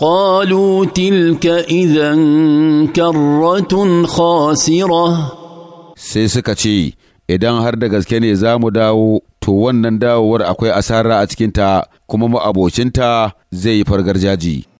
قالوا تلك اذا كره خاسره sai suka ce idan har da gaske ne za mu dawo to wannan dawowar akwai asara a cikinta kuma ma'abocinta zai yi fargarjaji